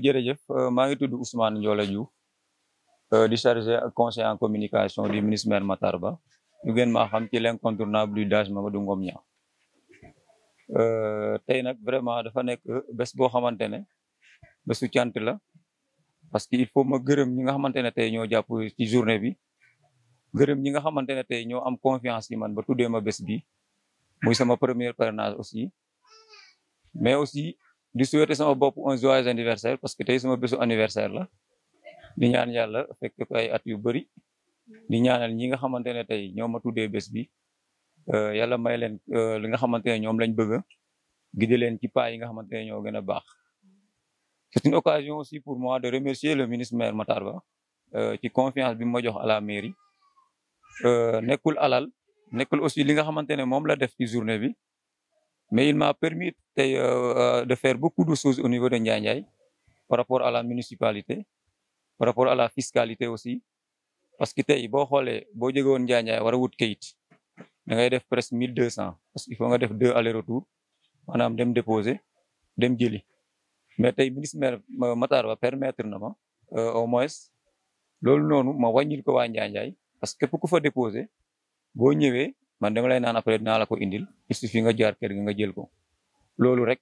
jërëjëf euh, maa ngi tudd Ousmane Ndiola ju euh, di chargé ak conseil en communication du ministre maire Matar Ba ñu xam ci l'incontournable du DAGE du Ngom Niang euh, tey nag vraiment dafa nekk bés boo xamante ne bésu cant la parce que il faut ma gërëm ñi nga xamante ne tey ñoo jàpp ci journée bi gërëm ñi nga xamante ne tey ñoo am confiance ci man ba tuddee ma bés bi muy sama première parrainage aussi mais aussi di souhaiter sama bopp un joyeux anniversaire parce que tey sama bésu anniversaire la di ñaan yàlla fekk ko ay at yu bëri di ñaanal ñi nga xamante ne tey ñoo ma tuddee bés bi euh, yàlla may leen euh, li nga xamante ne ñoom lañ bëgg gide leen ci pas yi nga xamante ne ñoo gën a baax c'est une occasion aussi pour moi de remercier le ministre maire Matar Ba euh, ci confiance bi ma jox à mairie Euh, nekkul alal nekkul aussi li nga xamante ne moom la def ci journée bi mais il m'a permis tey euh, euh, de faire beaucoup de choses au niveau de Ndiaye Ndiaye par rapport à la municipalité par rapport à la fiscalité aussi parce que tey boo xoolee boo jóge woon Ndiaye Ndiaye a wut kayit da ngay def presque mille deux cent parce que il faut nga def deux aller retour maanaam dem déposé dem jëli mais tey ministre maire Matar Ba permettre na ma au moins loolu noonu ma wàññil ko waa Ndiaye parce que képp ku fa déposé boo ñëwee man dama lay naan après dinaa la ko indil il suffit nga jaar kër ga nga jël ko loolu rek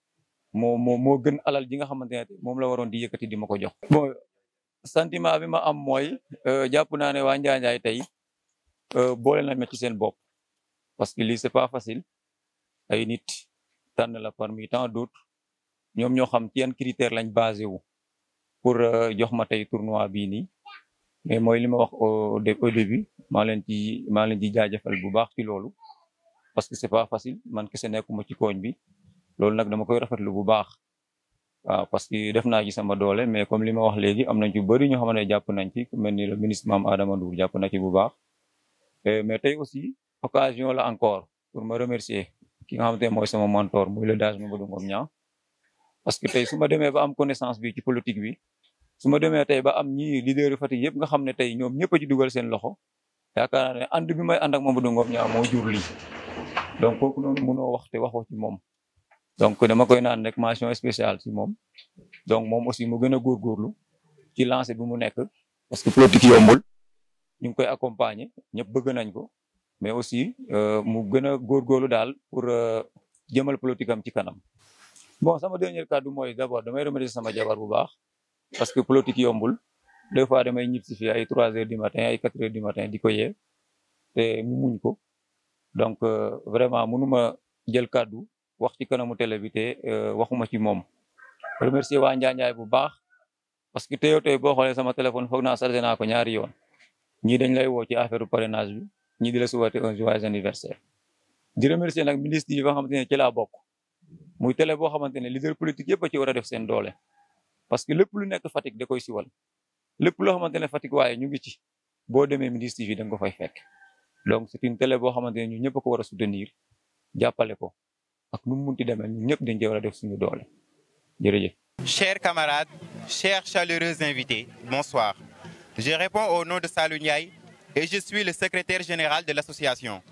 moo moo moo gën alal ji nga xamante ne moom la waroon di yëkkati di ma ko jox. bon sentiment bi ma am mooy euh, jàpp naa ne waa Njaajaay tey euh, boole na ma ci seen bopp parce que lii c'est pas facile ay nit tànn la parmi tant d'autres ñoom ñoo xam ci yan critère lañ basé wu pour euh, jox ma tey tournoi bii nii. mais mooy li ma wax au au début maa leen ci maa leen ci jaajëfal bu baax ci loolu parce que c'est pas facile man kese nekkuma ci kooñ bi loolu nag dama koy rafetlu bu baax waaw parce que def naa ci sama doole mais comme li ma wax léegi am nañ ci bëri ñoo xam jàpp nañ ci ku mel ni le ministre Mame Adama Ndour jàpp na ci bu baax mais tey aussi occasion la encore pour ma remercier ki nga xamante ne mooy sama mentor muy le DAGE Mamadou Ngom Niang parce que tey su demee ba am connaissance bi ci politique bi su ma demee tey ba am ñii leader yu Fatick yëpp nga xam ne tey ñoom ñëpp a dugal seen loxo yaakaar naa ne ànd bi may ànd ak Mamadou Ngom ñaa moo jur lii donc kooku noonu wax te waxo ci moom donc dama koy naan rek mention spéciale ci moom donc moom aussi mu gën a góorgóorlu ci lancé bi mu nekk parce que politique yombul ñu ngi koy accompagner ñëpp bëgg nañ ko mais aussi euh, mu gën a góorgóorlu daal pour euh, jëmal politique am ci kanam bon sama dernier kàddu mooy d'abord damay remercier sama jabar bu baax parce que politique yombul des fois damay ñib si fii ay trois heures du matin ay quatre heures du matin di te mu muñ ko donc euh, vraiment mënuma jël kàddu wax ci kanamu télé bi te euh, waxuma ci moom remercier waa Njaanjaay bu baax parce que teyoo tey boo xoolee sama téléphone foog naa chargé naa ko ñaari yoon ñii dañ lay woo ci affaire parrainage bi ñii di la souhaiter un joyeux anniversaire di remercier nag ministre yi nga xamante ne ci laa bokk muy tele boo xamante ne leader yëpp ci war a def seen doole parce que lépp lu nekk Fatick da koy siwal lépp loo xamante ne Fatick waaye ñu ngi ci boo demee Mindiss TV da nga ko fay fekk donc c'est une télé boo xamante ne ñu ñëpp ko war a soutenir jàppale ko ak nu mu munti demee ñu ñëpp dañ cee war a def suñu doole jërëjëf. Chers camarades, chers chaleureux invités, bonsoir. Je réponds au nom de Salou Ndiaye et je suis le secrétaire général de l'association.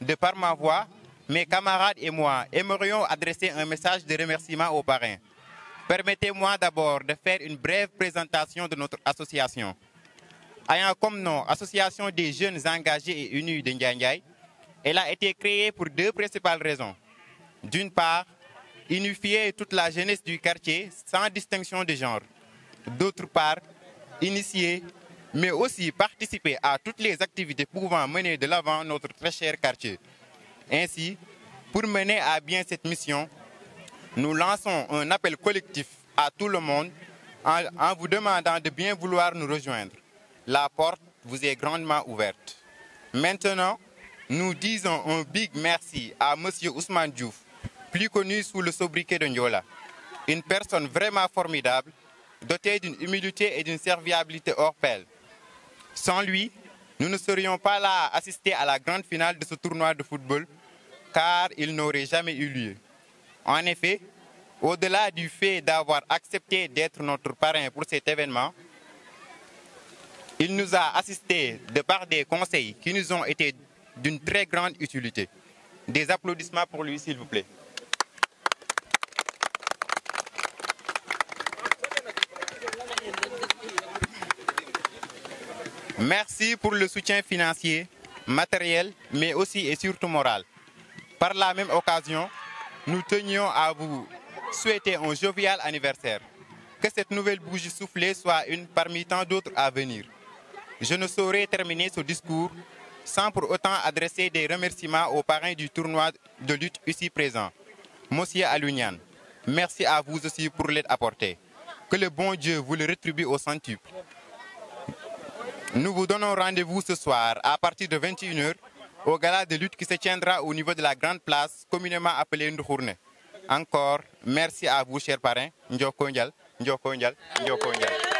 De par ma voix, mes camarades et moi aimerions adresser un message de remerciement aux parrains. Permettez-moi d'abord de faire une brève présentation de notre association. Ayant comme nom Association des jeunes engagés et unis de Ndiaye, elle a été créée pour deux principales raisons. D'une part, unifier toute la jeunesse du quartier sans distinction des genre. D'autre part, initier, mais aussi participer à toutes les activités pouvant mener de l'avant notre très cher quartier. Ainsi, pour mener à bien cette mission, nous lançons un appel collectif à tout le monde en, en vous demandant de bien vouloir nous rejoindre. La porte vous est grandement ouverte. Maintenant, nous disons un big merci à Monsieur Ousmane Diouf, plus connu sous le sobriquet de Njola, une personne vraiment formidable, dotée d'une humilité et d'une serviabilité hors pair. Sans lui, nous ne serions pas là à assister à la grande finale de ce tournoi de football, car il n'aurait jamais eu lieu. En effet, au-delà du fait d'avoir accepté d'être notre parrain pour cet événement, il nous a assistés de par des conseils qui nous ont été d'une très grande utilité. Des applaudissements pour lui, s'il vous plaît. Merci pour le soutien financier, matériel, mais aussi et surtout moral. Par la même occasion, nous tenions à vous souhaiter un jovial anniversaire. Que cette nouvelle bougie soufflée soit une parmi tant d'autres à venir. Je ne saurais terminer ce discours sans pour autant adresser des remerciements aux parrains du tournoi de lutte ici présents. Monsieur Alunian, merci à vous aussi pour l'aide apportée. Que le bon Dieu vous le rétribue au centuple. Nous vous donnons rendez-vous ce soir à partir de 21h au gala de lutte qui se au niveau de la grande place, communément appelée Ndoukhourne. Encore, merci à vous, chers parrains. Ndiokondial, Ndiokondial, Ndiokondial.